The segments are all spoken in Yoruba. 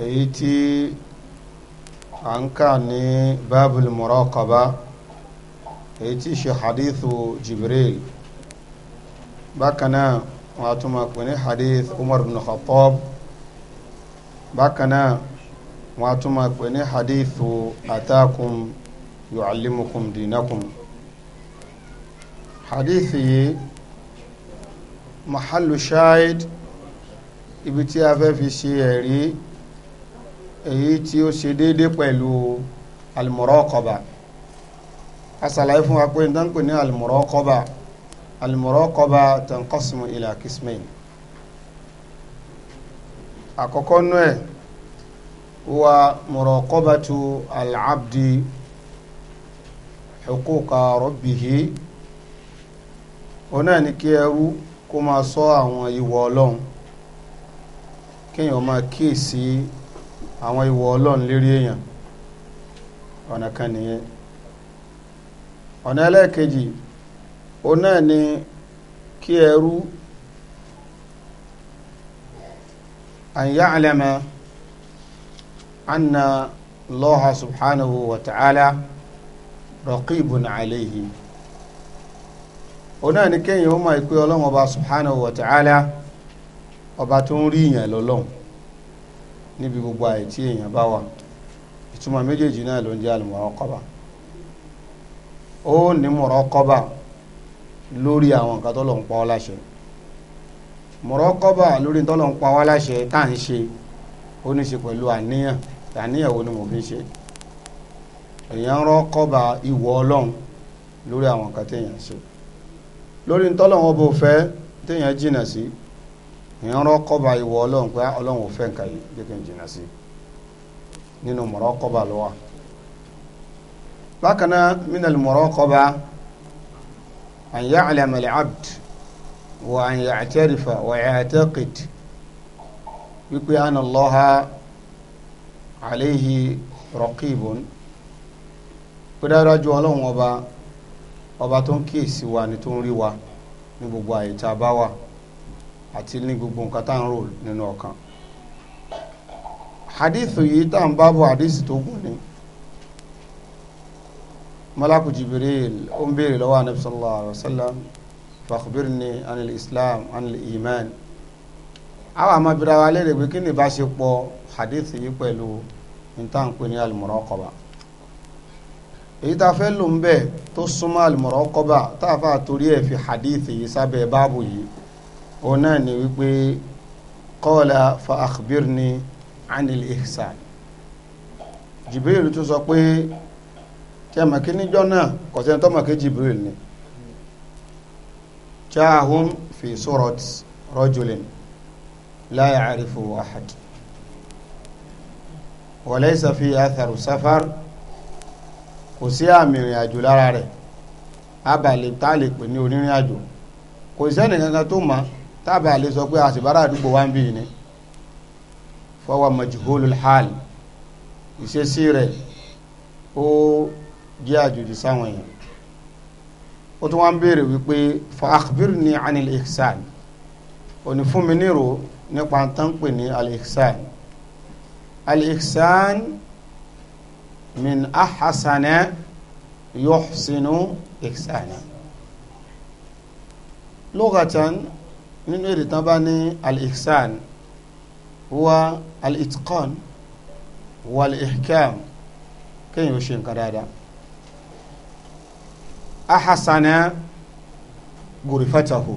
èyí tí à ń kà ní babul muraqaba èyí tí ṣe hadithu jibril bákan náà wọn a tún máa pè ní hadith umar bin khattab bákan náà wọn a tún máa pè ní hadithu atakum yu'allimukum dinakum hadithi yìí mahallu shahid ibi tí a fẹ́ fi ṣe ẹ̀rí èyí tí ó ṣe déédé pẹ̀lú almuraqaba asàlàyé fún wa pé nǹkan pè ní almuraqaba almuraqaba tanqasimu ila kismayn àkọ́kọ́ nú ẹ̀ wa muraqabatu alabdi huquqa rabbihi ọ̀nà ni kí ẹrú kó máa ṣọ́ àwọn ìwọ̀ ọlọ́run kéèyàn máa kíyèsí àwọn ìwọ̀ ọlọ́run lérí èèyàn ọ̀nà kan nìyẹn ọ̀nà ẹlẹ́ẹ̀kejì ó náà ni kí ẹrú an ya'lama anna Allaha subhanahu wa ta'ala raqibun alayhi ó náà ni kéèyàn ó máa pé ọlọ́run ọba subhanahu wa ta'ala ọba tó ń rí èèyàn lọ́lọ́run níbi gbogbo àyè tí èèyàn bá wà ìtumọ̀ méjèèjì náà ló ń jẹ́ àlùmọ̀rọ́kọ́bà ó ní mọ̀rọ́kọ́bà lórí àwọn nǹkan tó lọ ń pa ọ́ láṣẹ mọ̀rọ́kọ́bà lórí tó lọ ń pa wá láṣẹ tá à ń ṣe ó ní ṣe pẹ̀lú àníyàn àníyàn wo ni mo fi ṣe èèyàn rọ́kọ́bà ìwọ ọlọ́run lórí àwọn nǹkan téèyàn ṣe lórí tọ́lọ́wọ́n bó fẹ́ téèyàn jìnnà sí ìrànrọ́ kọ́ba ìwọ ọlọ́run pé ah, ọlọ́run ò fẹ́ nǹkan yìí jẹ́ kí n jìnnà sí nínú mọ̀rọ́ kọ́ba lọ́wọ́ bákan náà mínàlì mọ̀rọ́ kọ́ba an ya'lama al-abd wa an ya'tarifa wa wípé anna Allaha alayhi raqibun pé ọlọ́run ọba ọba tó ń kíyèsí wa ni tó ń rí wa ní gbogbo àyè tá a bá wà àti ní gbogbo nǹkan tá à ń rò nínú ọkàn hadithu yìí tá à ń bá bọ̀ hadithu tó gùn ni malaku jibril ó ń béèrè lọ́wọ́ anabi sallallahu alayhi wa sallam fakhbirni anil islam anil iman àwọn amabira wa léèrè pé kí ni ìbáṣepọ̀ hadithu yìí pẹ̀lú ntaǹpé ní alimuraqaba èyí tá a fẹ́ lò ń bẹ̀ tó súnmọ́ alimuraqaba tá a fà torí ẹ̀ fi hadithu yìí sábẹ́ báàbù yìí òun náà ni wípé kọ́ọ̀lá fa akhbirni anil ihsan Jibril tún sọ pé tí a màkí níjọ́ náà kọ̀sẹ́ni tó màkí Jibril ni jaahum fi surat rajulin la ya'rifu ahad wa laysa fi atharu safar kò sí àmì ìrìn àjò lára rẹ̀ abàlẹ̀ tá a lè pè ní onírìn àjò kò sẹ́ni kankan tó máa tábà àlè sọ pé àṣìbára àdúgbò wa ń bì ní fọwọ́ majhulul hal ìṣesí rẹ̀ ó jẹ́ àjòjì sáwọn èèyàn ó tún wá ń béèrè wípé fa akhbirni anil ihsan òní fún mi nírò nípa tán pè ní al ihsan al ihsan min ahasana yuhsinu ihsana lugatan nínú èdè tán bá ní al-ihsan wa al-itqan wa al-ihkam kéèyàn ó ṣe nǹkan dáadáa ahasana gurifatahu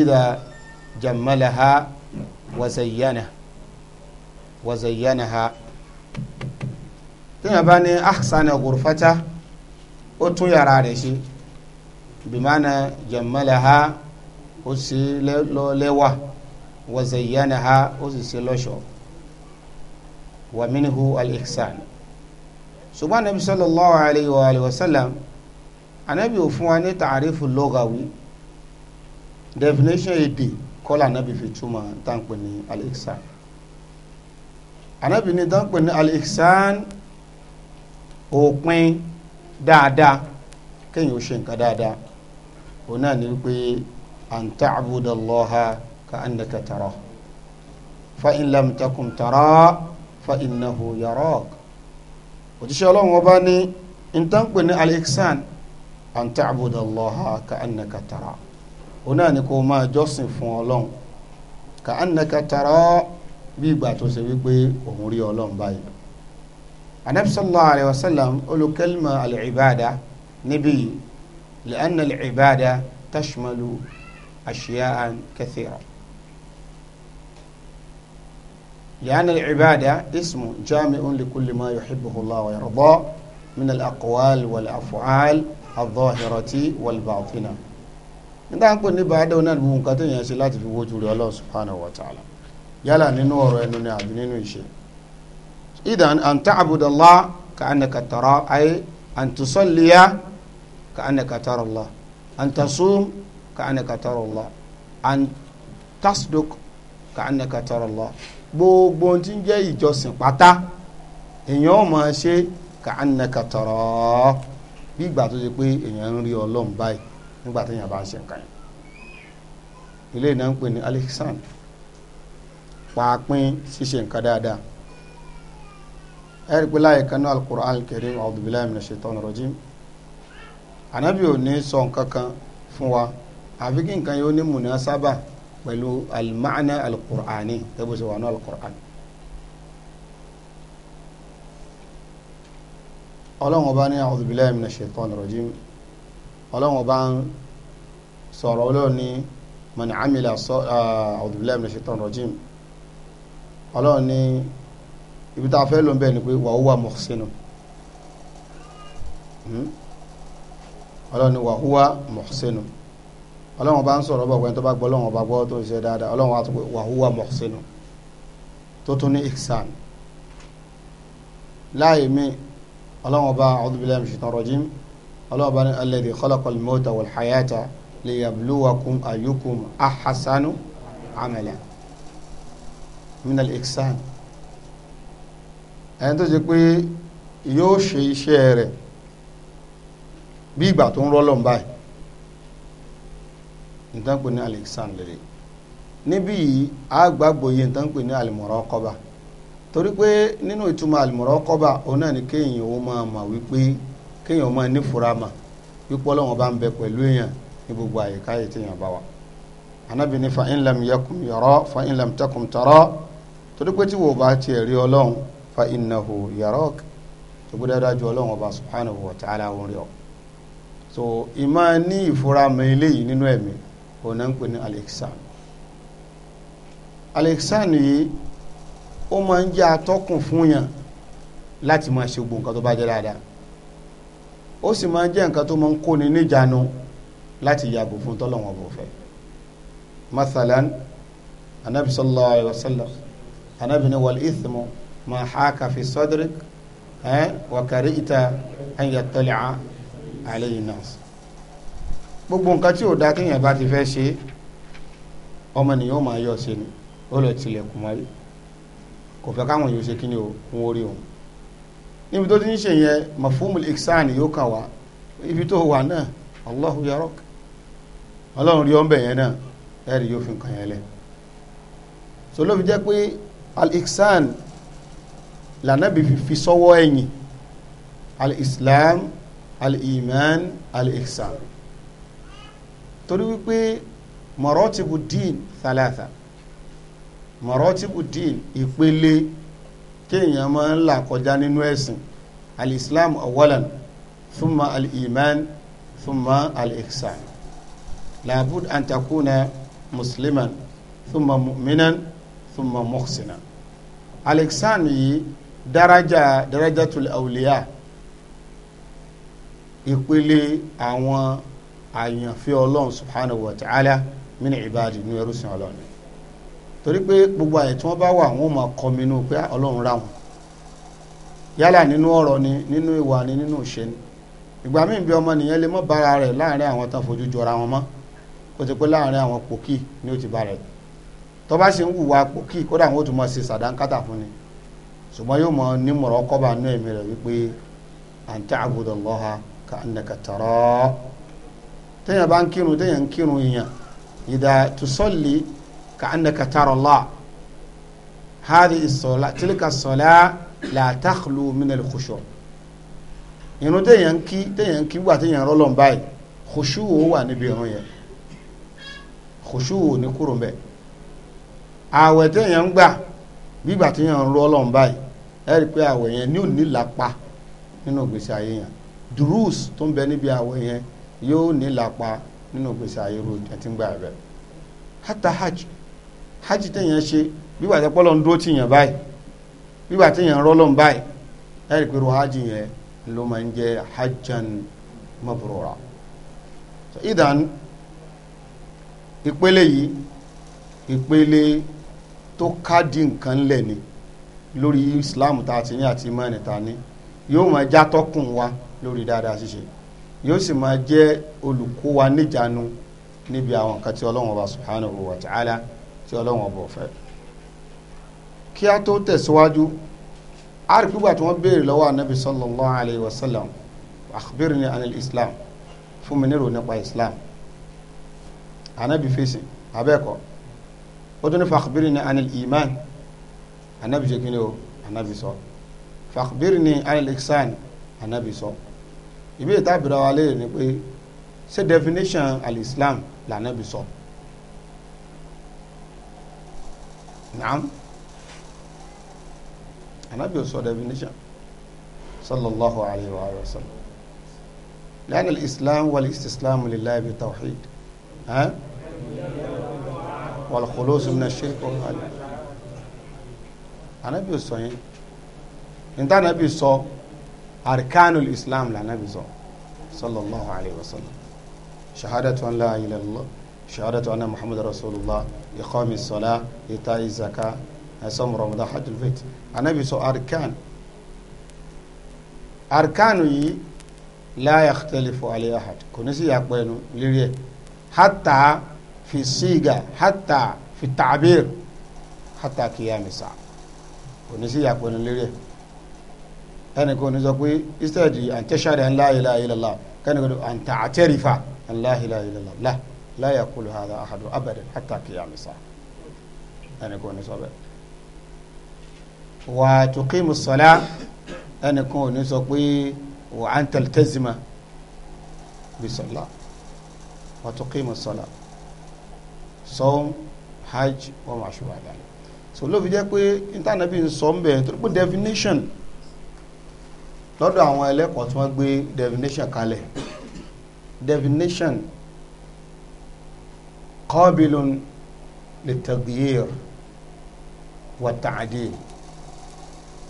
idha jammalaha wa zayyanaha wa zayyanaha tíyẹn bá ní ahasana gurifata ó tún yàrá rẹ̀ ṣe bimana jammalaha ó ṣe lẹ́wà wa zayyanaha ó sì ṣe lọ́ṣọ̀ọ́ wa minhu al-ihsan ṣùgbọ́n anabi sallallahu alayhi wa alayhi wa sallam anabi ò fún wa ní tààrífù lọ́gàwí definition èdè kọ́lá anabi fi túmọ̀ táǹpẹ̀ ní al-ihsan anabi ní táǹpẹ̀ ní al-ihsan òpin dáadáa kéèyàn ó ṣe nǹkan dáadáa òun náà ní wípé أن تعبد الله كأنك تراه فإن لم تكن تراه فإنه يراك òjíṣẹ́ ọlọ́run ọba ní nǹkan pè ní al-ihsan an ta'buda Allaha ka'annaka tara ó náà ní kó máa jọ́sìn fún ọlọ́run ka'annaka tara bí ìgbà tó ṣe wípé òun rí ọlọ́run báyìí anabi sallallahu alayhi wa sallam olùkẹ́lìmọ̀ al-ibada níbí li'anna al-ibada tashmalu أشياء كثيرة لأن العبادة اسم جامع لكل ما يحبه الله ويرضاه من الأقوال والأفعال الظاهرة والباطنة nígbà ń pè ní bàádà oní àdúgbò nǹkan tó yẹn ṣe láti fi wojú rẹ̀ Ọlọ́run subhanahu wa ta'ala yálà nínú ọ̀rọ̀ ẹnu ni àbí nínú ìṣe idan an ta'budu Allah ka annaka tara ay an tusalliya ka annaka tara Allah an tasum ka'annaka tara Allah and tasduk ka'annaka tara Allah gbogbo ohun tí ń jẹ́ ìjọsìn pátá èèyàn ò máa ṣe ka'annaka tara bí ìgbà tó ṣe pé èèyàn ń rí ọlọ́run báyìí nígbà tó èèyàn bá ń ṣe nǹkan yẹn ilé iná ń pè ní alexan pàápín ṣíṣe nǹkan dáadáa ẹ pé láyé kan náà al-Qur'an al-Karim a'udhu billahi ò ní sọ nǹkan kan fún wa àfi kí nǹkan yóò ní munasaba pẹ̀lú alimaana alukur'ani ẹ̀bùn sọ wàánu alukur'ani. ọlọ́run ọba ní a'udhu billahi minash shaitani rajim ọlọ́run ọba ń sọ̀rọ̀ ọlọ́run ní man amila ah, a'udhu billahi minash shaitani rajim ọlọ́run ní ibi tá a fẹ́ lò ń ni pé wa huwa muhsinu hmm? ọlọ́run ní wa huwa muhsinu ọlọ́run bá ń sọ̀rọ̀ bọ̀ pé tó bá gbọ́ ọlọ́run bá gbọ́ tó ń ṣe dáadáa ọlọ́run wá tó pé wa huwa muhsinu tó tún ní ihsan láàyè mi ọlọ́run bá a'udhu billahi minash ọlọ́run bá ní alladhi khalaqal mawta hayata liyabluwakum ayyukum ahsanu amala minal ẹni tó ṣe pé yóò ṣe iṣẹ́ rẹ̀ bí ìgbà tó ń rọ́ lọ́nbáyìí ìtànpè ní alexan lèrè níbí yìí a gbàgbọ́ yìí ìtànpè ní al-muraqaba torí pé nínú ìtumọ̀ al ma òun náà ni kéèyàn ó máa mà wípé kéèyàn ó máa nífura wípé bá ń bẹ pẹ̀lú èèyàn ní gbogbo àyíká yìí bá wà fa in lam yakun yara fa in lam takun tara torí pé tí wò bá tiẹ̀ rí Ọlọ́hun fa innahu Ọba òun náà ń pè ní al-ihsan al-ihsan yìí ó máa ń jẹ́ atọ́kùn fún yàn láti máa ṣe gbogbo nǹkan tó bá jẹ́ dáadáa ó sì máa ń jẹ́ nǹkan tó máa ń kóni níjànú láti yàgò fún tọ́lọ́wọ́n bò fẹ́ anabi sallallahu alayhi wa sallam anabi ni wal ithmu ma haka fi sadrik eh, wa karita an yattali'a alayhi nas gbogbo nǹkan tí ò da kéèyàn bá ti fẹ́ ṣe ọmọ nìyẹn ó máa yọ ṣe ni ó lọ tilẹ̀kùn mọ́rí kò fẹ́ káwọn èèyàn ṣe kí ni o ń orí òun níbi tó ti ń ṣe yẹn mafumul iksan yóò kàn wá ibi tó wà náà Allahu yarok ọlọ́run rí ọ́nbẹ̀ yẹn náà ẹ̀rí yóò fi kàn yẹn lẹ̀ so ló fi jẹ́ pé al-iksan lànàbí fi sọ́wọ́ ẹ̀yìn al-islam al-iman al-iksan. al islam al iman al iksan torí wípé mọ̀rọ́tìbù dín thalatha mọ̀rọ́tìbù dín ìpele kéèyàn máa ń là kọjá nínú ẹ̀sìn alìsílámù awalan thumma alìmán thumma alìsàn labud an takuna musliman thumma mu'minan thumma muhsina alìsàn yìí daraja darajatul awliya ìpele àwọn àyànfẹ́ ọlọ́run subhanahu wa ta'ala mí ní ìbáàdì ní ẹrú sin ọlọ́run torí pé gbogbo àyè tí wọ́n bá wà wọ́n máa kọminú pé ah, ọlọ́run rà wọ́n yálà nínú ọ̀rọ̀ ni nínú ìwà ni nínú ìṣe ni ìgbà míì bí ọmọ nìyẹn lè mọ́ bára rẹ̀ láàrin àwọn tán fojú jọra wọn mọ́ ó ti pé láàrin àwọn pòkì ni ó ti bá rẹ̀ tó bá sì ń hùwà pòkì kódà wọn ó tún mọ ṣe sàdánkátà fún ni ṣùgbọ́n yóò mọ nímọ̀ràn kọ́ba nú ẹ̀mí rẹ̀ wípé an ta'budallaha ka'annaka tarahu téèyàn bá ń kírun téèyàn ń kírun èèyàn ìdá tùsọ́lì ka annaka tara Allah hadi isola tilka sola la takhlu min al khushu irun téèyàn kí téèyàn kí wà téèyàn rọlọ́n báyìí khushu wo wà níbi irun yẹn khushu wo ní kúrò mbẹ àwẹ̀ téèyàn ń gbà gbígbà téèyàn rọlọ́n báyìí ẹ rí i pé àwẹ̀ yẹn ní ò ní lápá nínú ìgbésí ayé yẹn durus tó ń bẹ níbi àwẹ̀ yẹn yóò ní lápá nínú gbèsè ayé ro ẹtí rẹ hata hajj hajj téèyàn ṣe bíwà tẹ pọlọ ń dúró tì yàn báyìí bíwà téèyàn rọlọ ń báyìí ẹ rí i pé ro hajj yẹn ló máa ń jẹ hajjan mabrura so idan ìpele yìí ìpele tó kádì nǹkan ńlẹ̀ ni lórí islam tá a ti ní àti imáni ta ni yóò máa já tọkùn wa lórí dáadáa ṣíṣe. Si yóò sì máa jẹ́ olùkọ́ wa níjànú níbi àwọn nǹkan tí ọlọ́run ọba subhanahu wa ta'ala tí ọlọ́run ọba ọ̀fẹ́ kí a tó tẹ̀síwájú a rí pípa tí wọ́n béèrè lọ́wọ́ anabi sallallahu alayhi wa sallam akhbirni anil islam fún mi nírò nípa islam anabi fèsì abẹ́ẹ̀kọ́ ó tún ní fakhbirni anil iman anabi jẹ́ kí ni o anabi sọ fakhbirni anil ihsan anabi sọ. So ìbéèrè tábìlì wa léèrè ni pé ṣé definition al-islam lànà bí sọ naam anabi ò sọ definition sallallahu alayhi wa sallam lẹ́yìn al-islam wal-istislam lillahi bi-tawhid wal-khulus min ash-shirk wal-khali anabi ò sọ yẹn níta anabi sọ. So, arkanul islam lànàbì sọ sallallahu alayhi wa sallam shahadatu an la ilaha illallah shahadatu anna muhammadu rasulillah iqami sola ita'i zaka ẹsọm rọmọdá hajj bait anabi sọ arkan arkanu yìí la yakhtalifu alayhi ahad kò ní sí yàpọ̀ ẹnu lérí ẹ̀ hatta fi siga hatta fi ta'bir hatta qiyam as-sa'a kò ní sí yàpọ̀ ẹnu lérí ẹ̀ kẹ́nìkan ò ní sọ pé instead àtẹ́sàdé an la ilaha illallah kẹ́nìkan àǹtà àtẹ́rìfà an la ilaha illallah la la yaqulu hadha ahadu abadan hatta qiyamah sa kẹ́nìkan ò ní sọ bẹ́ẹ̀. wà á tuqimu salah kẹ́nìkan ò ní sọ pé wà á taltazima bi salah wà á tuqimu salah sawm hajj wa ma shubaha dhalik so ló fi jẹ́ pé intanẹ́bí ń sọ ń definition lọ́dọ̀ àwọn ẹlẹ́kọ̀ọ́ tí wọ́n gbé definition kalẹ̀ definition qabilun litaghyir wa ta'dil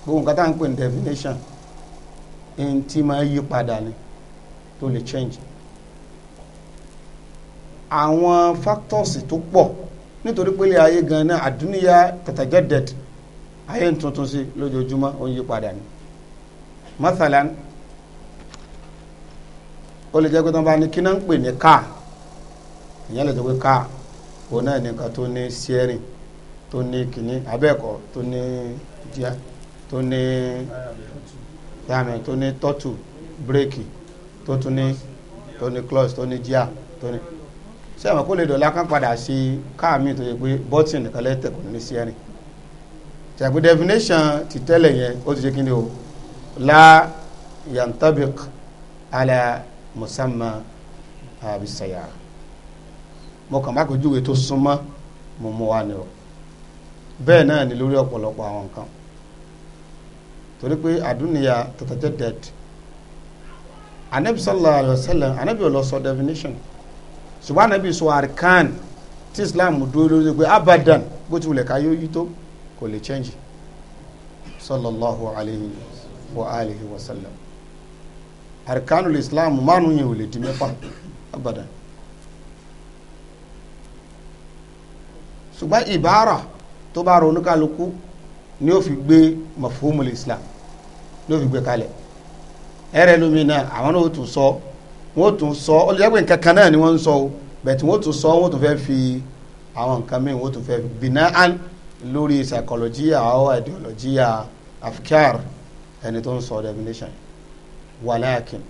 gbogbo nǹkan tá ń pè ní definition ẹni tí máa yí padà ni tó lè change àwọn factors tó pọ̀ nítorí pé ilé ayé gan náà àdúníyà tatajaddad ayé ń tuntun sí lójoojúmọ́ ó ń yí padà ni mathalan ó lè jẹ́ pé tó ń bá ní kí náà ń pè ní káà ìyẹn lè jẹ́ pé káà òun náà ní nǹkan tó ní steering tó ní kìíní abẹ́ẹ̀kọ́ tó ní díẹ̀ tó ní yàmì tó ní tọ́tù bírèkì tó tún ní tó ní clutch tó ní díà tó ní. ṣé àwọn kó lè dọ̀la kan padà sí káàmì tó yẹ pé bọ́tìn nìkan lẹ́tẹ̀ kò ní sí ẹ̀rìn. ṣàgbé definition ti tẹ́lẹ̀ yẹn ó ti ṣe kí ni o la yantabiq ala musamma abisaya mo kàn bá kó júwe tó súnmọ́ mo mú wa ni o bẹ́ẹ̀ náà ni lórí ọ̀pọ̀lọpọ̀ àwọn nǹkan torí pé àdúnìyà tètè dead anabi sallallahu alayhi wa sallam anabi ò lọ sọ definition ṣùgbọ́n anabi sọ arkan tí islam dúró lórí pé abadan bó ti wulẹ̀ ká yóò yí tó kò lè change sallallahu alayhi wa sallam wa alihi wa sallam arkanul islam márùn yẹn ò lè di mẹ́fà abada ṣùgbọ́n ìbára tó bá ronú kálukú ni ó fi gbé mafhumul islam ni ó fi gbé kalẹ̀ ẹrẹ lómi náà àwọn náà ó tún sọ wọn ó tún sọ ó lè jẹ́ pé nǹkan ni wọ́n ń o bẹ̀tì wọn ó tún sọ wọn ó tún fẹ́ fi àwọn nǹkan mìíràn wọn tún fẹ́ bìnnà lórí psychology àwọn ideology afikar ẹni tó ń sọ definition walakin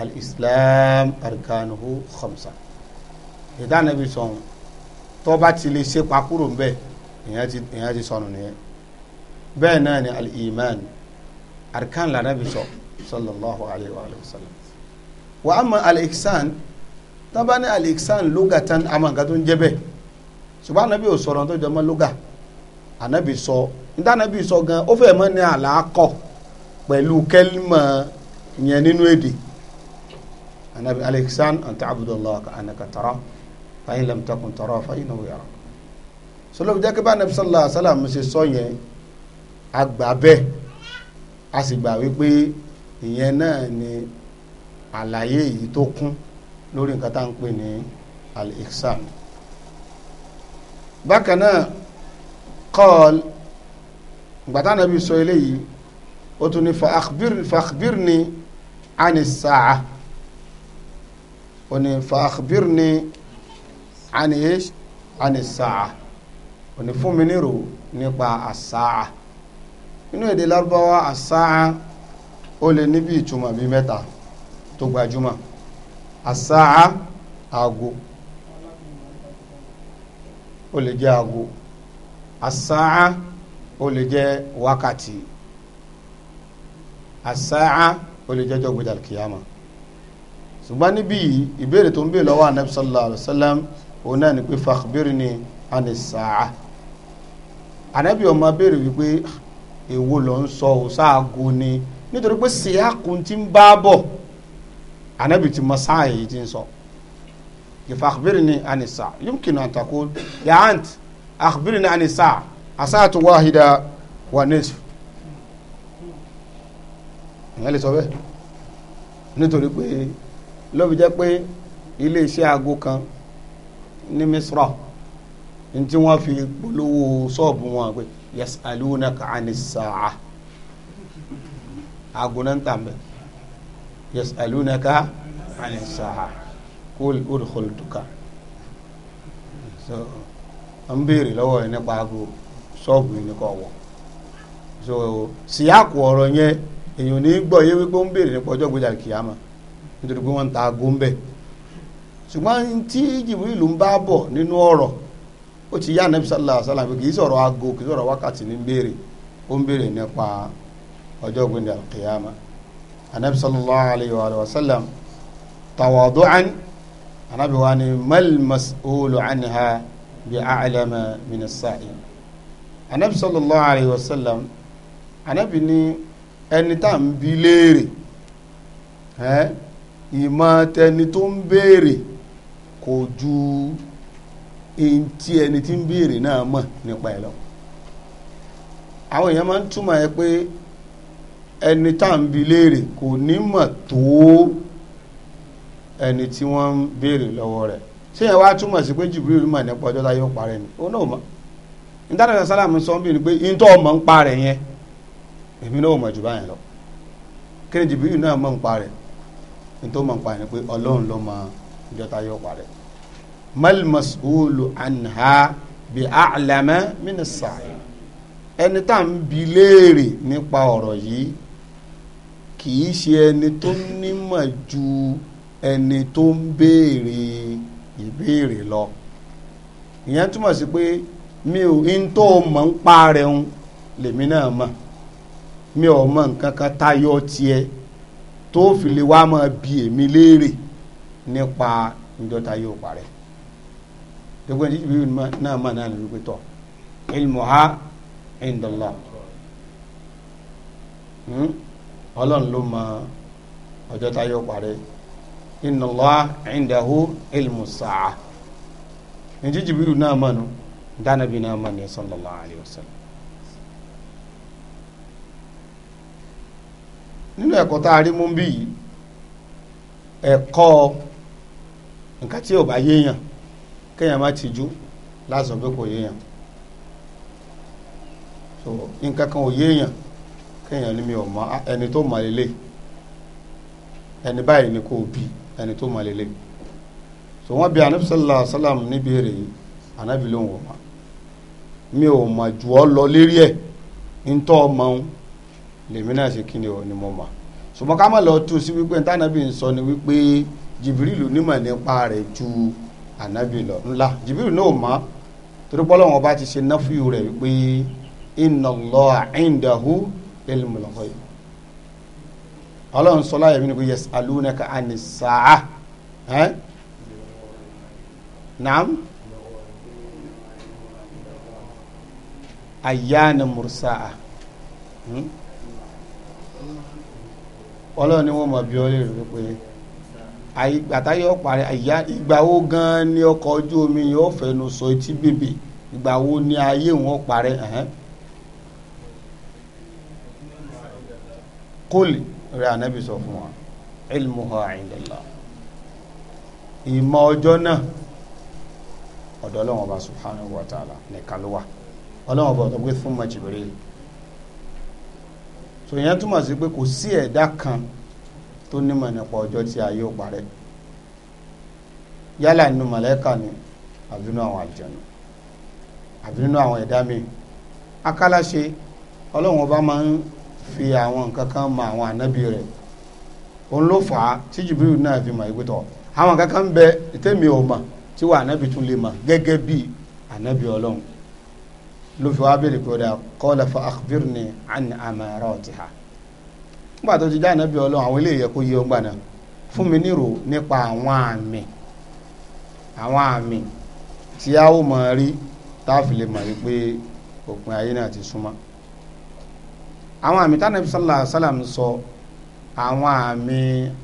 al-islam arkanuhu khamsa ìdánabi sọ̀hún tó bá ti lè ṣe pakúrò bẹ́ẹ̀ èèyàn ti sọnù nìyẹn bẹ́ẹ̀ náà ni al-iman arkan lànàbi sọ sallallahu alayhi wa sallam wa ama al-ihsan tábà ní al-ihsan lugatan àmọ́ nǹkan tó ń jẹ́ bẹ́ẹ̀ tó jọ mọ́ lugatan anabi sọ níta anabi sọ gan ó fẹ́ mọ́ ní àlàkọ́ pẹ̀lú kẹ́límà yẹn nínú èdè anabi alexan anta abudulayi anaka tara fayin lam takun tara fayin náà yàrá sọlọ́bi jẹ́ kí bá anabi sọlá sálàmù ṣe sọ yẹn àgbà bẹ́ẹ̀ a sì gbà wípé ìyẹn náà ni àlàyé yìí tó kún lórí nǹkan tá à ń pè ní al bákan náà kọ́ọ̀l gbàtà nàbí sọ eléyìí ó tún ní fàkbírni àní sàá ó ní fàkbírni àní àní sàá ó ní fún mi nírò nípa àsàá nínú èdè lárúbáwá àsàá ó lè níbi ìtumọ̀ bíi mẹ́ta tó gbajúmọ̀ àsàá aago ó lè jẹ́ aago asaa ó lè jẹ́ wákàtí asaa ó lè jẹ́ jọgbẹdà kìyàmà ṣùgbọ́n níbí ìbéèrè tó ń bè lọ́wọ́ anabi sallallahu alayhi wa sallam òun náà ni pé fakhbirni ani saa anabi ọmọ béèrè wípé èwo ló ń sọ ò sáàgó ni nítorí pé síyákun ti ń bá bọ̀ anabi ti mọ sáà èyí ti ń sọ fakhbirni ani saa yumkinu an taqul ya aunt akhbirna ani saa asaatu wahida wa nisf ìyẹn lè sọ bẹ́ẹ̀ nítorí pé ló fi jẹ́ pé ilé iṣẹ́ aago kan ní misra ntí wọ́n fi polówó ṣọ́ọ̀bù wọn pé yasalunaka ani saa so ń béèrè lọ́wọ́ rẹ̀ nípa aago ṣọ́ọ̀bù yìí nìkan wọ̀ so síyáàkù ọ̀rọ̀ yẹn èèyàn ní gbọ́ yé wípé ó ń béèrè nípa ọjọ́ ìgbéjà kìyàmà nítorí pé wọ́n ń ta aago ń bẹ̀ ṣùgbọ́n tí jìbìrìlù ń bá bọ̀ nínú ọ̀rọ̀ ó ti yá anabi sallallahu alayhi wa sallam kì í sọ̀rọ̀ aago kì í sọ̀rọ̀ wákàtí ní béèrè ó ń béèrè nípa ọjọ́ ìgbéjà kìyàmà anabi sallallahu tawadu'an anabi wa ni mal mas'ulu anha bi a'lama min as-sa'i anabi sallallahu alayhi wa sallam anabi ni ẹni tá à ń bi léèrè ẹ ìmọ̀ tẹni tó ń béèrè kò ju ntí ẹni tí ń béèrè náà mọ̀ nípa ẹ̀ lọ àwọn èèyàn máa ń túmọ̀ ẹ pé ẹni tá à ń bi léèrè kò ní mọ̀ tó ẹni tí wọ́n ń béèrè lọ́wọ́ rẹ̀ ṣé yẹn wá túmọ̀ sí pé Jibril mọ̀ nípa ọjọ́ láyé ó parẹ́ ni ó náà mọ̀ nítorí sálàmù sọ ń bí ni pé ìtọ́ ọmọ ń parẹ́ yẹn èmi náà mọ̀ jù báyẹn lọ kí ni Jibril náà mọ̀ ń parẹ́ ìtọ́ mọ̀ ń parẹ́ ni pé Ọlọ́run ló mọ̀ ọjọ́ táyé ó parẹ́ mal mas'ulu anha bi a'lama min ẹni tá à ń bi léèrè nípa ọ̀rọ̀ yìí kì í ṣe ẹni tó nímọ̀ ju ẹni tó ń béèrè ìbéèrè lọ ìyẹn túmọ̀ sí pé mi ò ń tó mọ̀ ń pa ń lèmi náà mọ̀ mi ò mọ̀ nǹkan kan tayọ tiẹ̀ tó fi lè bi èmi léèrè nípa ìjọta yóò parẹ́ gbogbo ẹni tí náà mọ̀ náà lórí pé ilmuha indallah hmm? ọlọ́run ló mọ ọjọ́ inna allah indahu ilmu sa'a nji jibiru na manu da nabi na manu sallallahu alaihi wasallam nínú ẹ̀kọ́ tá a rí mú bí yìí ẹ̀kọ́ nǹkan tí ò bá yéèyàn kéèyàn má tìjú láti sọ pé kò yéèyàn so nǹkan kan ò yéèyàn kéèyàn ní mi ò mọ ẹni tó mọ lélẹ̀ ẹni báyìí ni kò bíi ẹni tó mọ lélẹ̀ so wọ́n bi anabi sallallahu alayhi wa sallam ni èrè yìí anabi ló ń ma mi ò mà jù ọ́ lọ lérí ẹ̀ ntọ́ ọmọ ń lèmi náà ṣe kí ni ò ní mo mà ṣùgbọ́n ká má lọ tú sí wípé níta anabi ń sọ ni wípé jìbìrìlù nímọ̀ nípa rẹ̀ ju anabi lọ ńlá jìbìrìlù náà mọ̀ torí bọ́lá wọn bá ti ṣe náfíù rẹ̀ wípé inna Allah indahu ilmul ghaib ọlọ́run sọ láyé mi ni kò yẹs alúnaka àní sàá ẹ́ naam ayáni mursaa hmm? ọlọ́run ni wọ́n mọ̀ bí ọlẹ́ rẹ̀ pé àyígbàtà yóò parí àyà ìgbà wo gan-an ni ọkọ̀ ojú omi yóò fẹnu sọ etí bèbè ìgbà wo ni ayé wọn parí kólì rẹ ànábì sọ fún wa ilmuha indallah ìmọ̀ ọjọ́ náà ọ̀dọ̀ ọlọ́run ọba subhanahu wa ta'ala nìkan ló wà ọlọ́run ọba ọ̀dọ̀ pé fún ma Jibril so ìyẹn túmọ̀ sí pé kò sí ẹ̀dá kan tó nímọ̀ nípa ọjọ́ tí ayé ò parẹ́ yálà nínú màláíkà ni àbí àwọn àlùjànnú àbí àwọn ẹ̀dá mi akálàṣe ọlọ́run ọba máa ń fi àwọn nǹkan kan mọ àwọn ànábì rẹ̀ òun ló fà á tí Jibril náà fi mọ̀ ìpìtọ̀ àwọn nǹkan kan bẹ tẹ́mi ò mọ̀ tí wà ànábì tún lè mọ̀ gẹ́gẹ́ bí ànábì ọlọ́run ló fi wá béèrè pé ọ̀dà qala fa akhbirni an amaratiha nígbà tó ti dá ànábì ọlọ́run àwọn eléyìí yẹ kó yé ọgbà náà fún mi nírò nípa àwọn àmì àwọn àmì tí a ó mọ̀ rí tá mọ̀ wípé òpin ayé náà ti súnmọ́ àwọn àmì tá nàbí sallallahu alaihi wasallam sọ àwọn àmì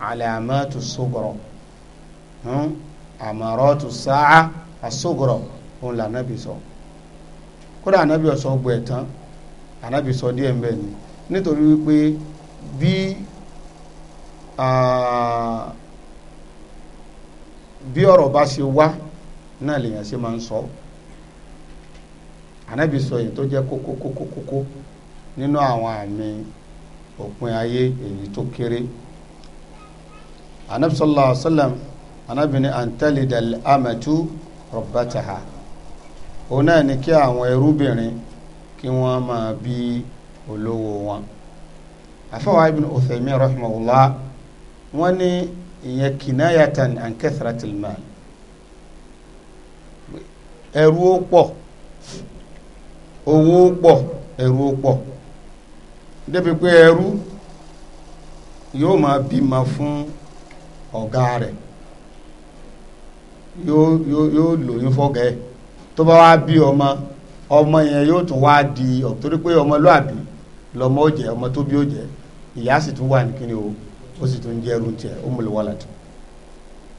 alamatu sugro hmm? amaratu sa'a asugro òun là nàbí sọ kódà ànábì ọ̀sọ́ gbọ́ ẹ̀ tán ànábì sọ díẹ̀ mbẹ́ ni nítorí wípé bí bí ọ̀rọ̀ bá ṣe wá náà lèèyàn ṣe máa ń sọ ànábì sọ yìí tó jẹ́ kókó kókó kókó nínú àwọn àmì òpin ayé èyí tó kéré anabi sallallahu alaihi wa sallam anabi ni antalida amatu rabbataha òun náà ni kí àwọn ẹrúbìnrin kí wọ́n máa bí olówó wọn afọwọ́ ibn Uthaymin rahimahullah wọ́n ní ìyẹn kinayatan an kathratil mal ẹrú ó pọ̀ owó ó pọ̀ ẹrú ó pọ̀ débi pé ẹrú yóò máa bímọ fún ọ̀gá rẹ̀ yóò yóò yóò fọ́gẹ́ tó bá wá bí ọmọ ọmọ yẹn yóò tún wá di torí pé lọmọ ó jẹ ọmọ tó bí ó jẹ ìyá sì tún wà ní o ó sì tún ó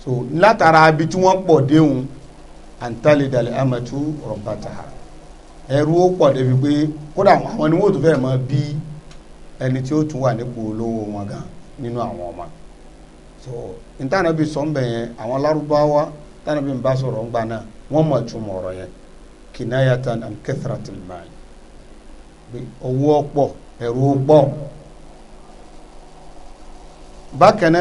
so látara tí déhùn àǹtálẹ̀dàlẹ̀ amatu rọ̀bàtà ẹrú ó pọ̀ débi pé kódà àwọn ni tún mọ bíi ẹni tí ó tún wà nípò olówó wọn gan nínú àwọn ọmọ so ntànàbí sọ́nbẹ̀ yẹn àwọn lárúbáwá tànàbí ń bá sọ̀rọ̀ ńgbà náà wọ́n mọ̀ ìtumọ̀ ọ̀rọ̀ yẹn kinayatan and kethratil mal owó ọ̀pọ̀ ẹ̀rù ọ̀pọ̀ bákan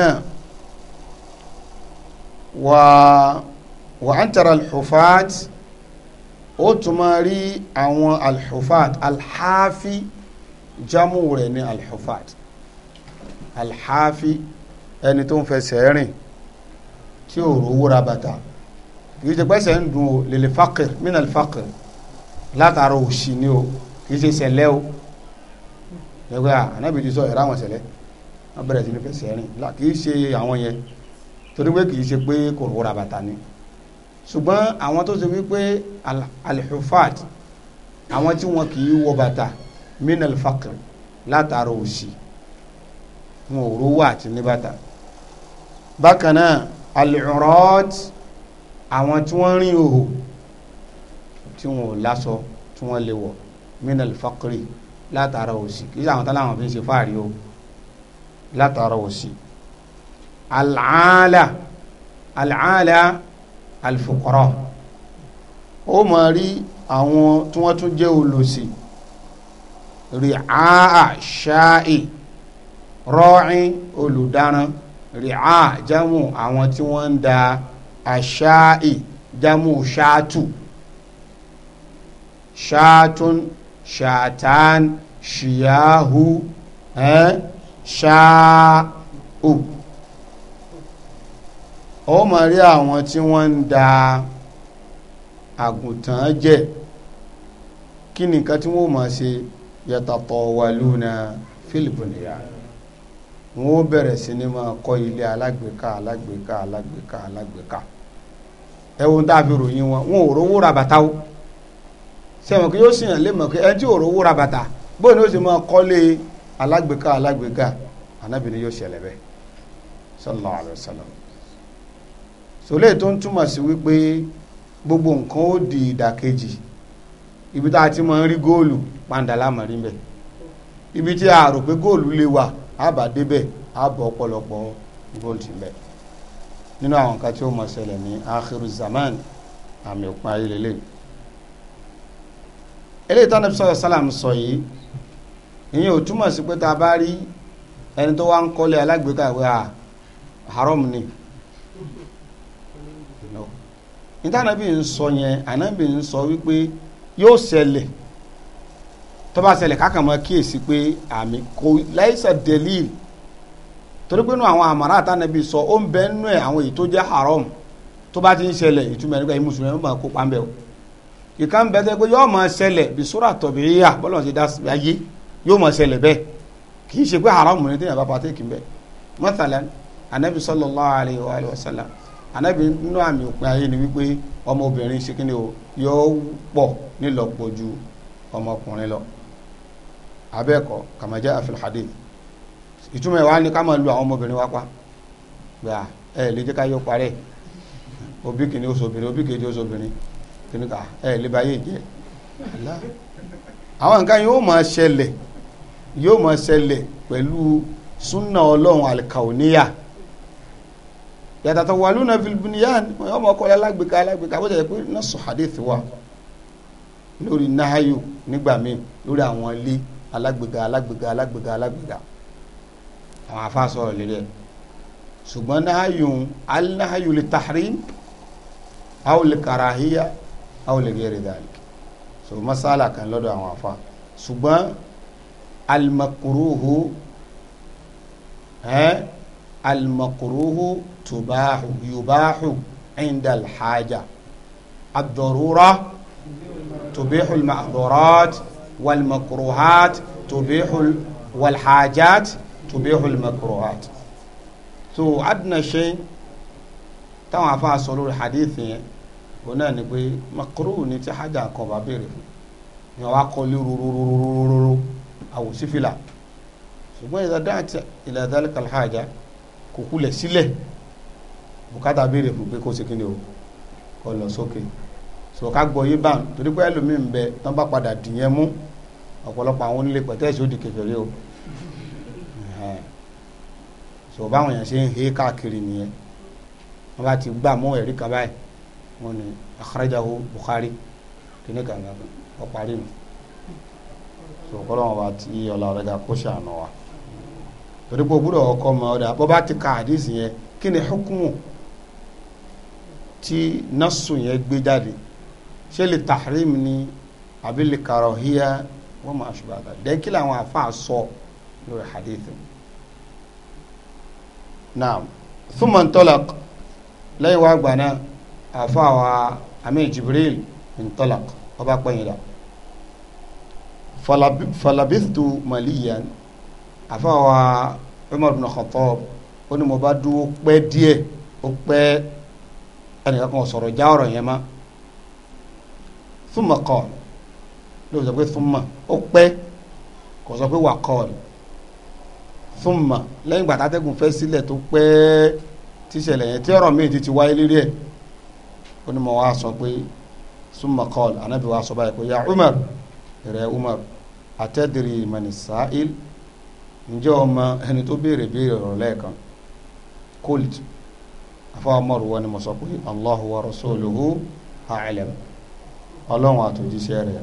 wà wà á ń ó tún máa rí àwọn alhufat alhafi. Al jámù rẹ̀ ní alhufat alhafi ẹni tó ń fẹsẹ̀ rìn tí ò rówó ra bàtà kìí ṣe pẹ́sẹ̀ ń dùn o lèlè fàkìr mínà fàkìr látara òṣì ni o kìí ṣe ṣẹlẹ̀ o ẹgbẹ́ ah, ànábì ti sọ ẹ̀rọ àwọn ṣẹlẹ̀ wọ́n bẹ̀rẹ̀ sí ní fẹsẹ̀ rìn kìí ṣe àwọn yẹn torí pé kìí ṣe pé kò rówó bàtà ni ṣùgbọ́n àwọn tó ṣe wípé alhufat àwọn tí wọn kìí wọ bàtà minal fakir látara òsì wọn ò rówó àti níbàtà bákan náà alìrọ́t àwọn tí wọ́n rìn òhò tí wọn ò láṣọ tí wọ́n lè wọ̀ minal fakiri látara òsì kí àwọn tán láwọn fi ń ṣe fáàrí o látara òsì al'ala al'ala alfukọrọ ó máa rí àwọn tí wọ́n tún jẹ́ olòṣì rìcáà ṣáì rọ́ọ̀ín olùdarán rìcáà jámù àwọn tí wọ́n ń da àṣáì jámù ṣáàtù ṣáàtún ṣáàtán ṣìyáhù ẹ́ ṣáàù ó máa rí àwọn tí wọ́n ń da àgùntàn jẹ kí nìkan tí wọ́n máa ṣe yatatawaluna fil bunyan wọ́n bẹ̀rẹ̀ sí ni máa kọ́ ilé alágbèéká alágbèéká alágbèéká alágbèéká ẹ̀wọ̀n tá a fi ròyìn wọn wọn ò rówó ra bàtà o sẹ́wọ̀n kí yóò sì hàn lé mọ̀ pé tí ò rówó bàtà bóyá ni ó sì máa kọ́lé alágbèéká alágbèéká Ànábì yóò ṣẹlẹ̀ bẹ́ẹ̀ sallallahu alayhi wa sallam sọlẹ́ tó ń túmọ̀ sí wípé gbogbo nǹkan ó di ìdàkejì ibi tá a ti máa ń rí góòlù pàǹdà lámọ̀rí mbẹ̀ ibi tí a rò pé góòlù lè wà àbá débẹ̀ àbọ̀ ọ̀pọ̀lọpọ̀ góòlù mbẹ̀ nínú àwọn nǹkan tí ó mọ̀ ṣẹlẹ̀ ní akhiru zaman àmì òpin ayé lélẹ̀ eléyìí tí Ànábì sallallahu alaihi wasallam sọ yìí ìyẹn ò túmọ̀ sí pé tá a bá rí ẹni tó wá ń kọ́lé alágbèéká ìwé haram ni nítorí ń sọ yẹn ànábì ń sọ wípé yóò ṣẹlẹ̀ tó bá ṣẹlẹ̀ kákan mọ́ kíyèsí pé àmì kò láìsà delil torí pé nínú àwọn àmàrà àtànàbí sọ ó ń bẹ nínú ẹ̀ àwọn èyí tó jẹ́ haram tó bá ti ń ṣẹlẹ̀ ìtumọ̀ nígbà yìí mùsùlùmí máa kó pàmbẹ́ o ìka ń bẹ tẹ́ pé yóò máa ṣẹlẹ̀ bí sura tọ̀bìyà bọ́lá ti dá ayé yóò máa ṣẹlẹ̀ bẹ́ẹ̀ kì í ṣe pé haram ní tẹ́yà bá pàtẹ́kì bẹ́ẹ̀ mọ́tàlán anabi sallallahu alayhi wa alayhi wa sallam anabi nínú ni wípé ọmọbìnrin ṣe abẹ́ẹ̀kọ́ kàmájá àfihàn hadith ìtumọ̀ ẹ̀ wá ní ká máa lu àwọn ọmọbìnrin wá pa gbà ẹ̀ lè jẹ́ ká yọ parẹ́ òbí kìíní oṣù obìnrin òbí kejì oṣù obìnrin kìíní ká ẹ̀ lè bá yé jẹ́ àwọn nǹkan yóò máa ṣẹlẹ̀ yóò máa ṣẹlẹ̀ pẹ̀lú súnà ọlọ́run alkauniya yàtàtà wàlúùnà filibuniyan ọmọ ọkọlẹ alágbèéká alágbèéká bó tẹ̀lé pé nọ́ọ̀sù hadith wà lórí nahayu nígbà míì lórí àwọn ilé alágbèga alágbèga alágbèga alágbèga àwọn afa sọ̀rọ̀ lé dẹ̀ ṣùgbọ́n nahayun alinahayu li tahrim aw li karahiya aw li ghairi dhalik so masala kan lọ́dọ̀ àwọn afa ṣùgbọ́n alimakuruhu ẹ́ alimakuruhu tubahu yubahu inda alhaja ad-darura tubihu al wàlmàkùrùhát tùbíhùl wàlhàját tùbíhùl màkùrùhát. so adùnà ṣe táwọn afáà sọ lórí hadith yẹn òun náà ni pé màkùrù ni tí hajj àkọ́bà béèrè fún ni wàá kọ́lé rúrúrúrúrúrú àwòsífìlà ṣùgbọ́n ìdádá ila dhalika alhaja kò kulẹ̀ sílẹ̀ bùkátà béèrè fún pé kó ṣe kí ni o kó lọ sókè sọ ká gbọ́ yé bá torí pé ẹlòmíín bẹ tán bá padà dìyẹn mú ọ̀pọ̀lọpọ̀ àwọn onílé pẹ̀tẹ́ẹ̀sì ó di kèfèrí o so báwọn èèyàn ṣe ń he káàkiri nìyẹn wọ́n bá ti gbà mú ẹ̀rí kan báyìí wọ́n ní akhrajahu Bukhari kíní kan kan ọ parí mi so kọ́lọ́wọ́n bá ti yí ọlá ọ̀rẹ́gà kó ṣàánú wa torí pé o gbúdọ̀ ọkọ mọ ọ̀dà bọ́ bá ti ka àdìsí yẹn kí ni hukumu tí nasu yẹn gbé jáde ṣé lè tahrim ni àbí lè karọ̀híyá wọ́n máa ṣùgbọ́n àgbà dẹ́kí làwọn àáfàá sọ lórí hadith náà thumma ntalaq lẹ́yìn wá gbà náà àáfàá wa amir jibril ntalaq ọba pẹ̀yìn dà falabithtu maliyan àáfàá wa umar bin khattab ó ní mo bá dúró pẹ́ díẹ̀ ó pẹ́ ẹnìkan kan sọ̀rọ̀ já yẹn má thumma ló sọ pé thumma ó pẹ́ kò sọ pé wà kọ́ọ̀lù thumma lẹ́yìn gbàtà tẹ́gùn fẹ́ sílẹ̀ tó pẹ́ tíṣẹ̀lẹ̀ yẹn tí ọ̀rọ̀ míì ti ti wáyé lérí ẹ̀ ó ní mo wá sọ pé thumma kọ́ọ̀lù anábì wa sọ báyìí pé ya Umar rẹ Umar atadri man sa'il ǹjẹ́ ọmọ ẹni tó béèrè béèrè ọ̀rọ̀ lẹ́ẹ̀kan qult afọ Umar wọn ni mo sọ pé Allahu wa rasuluhu a'lam ọlọ́run àtòjíṣẹ́ rẹ̀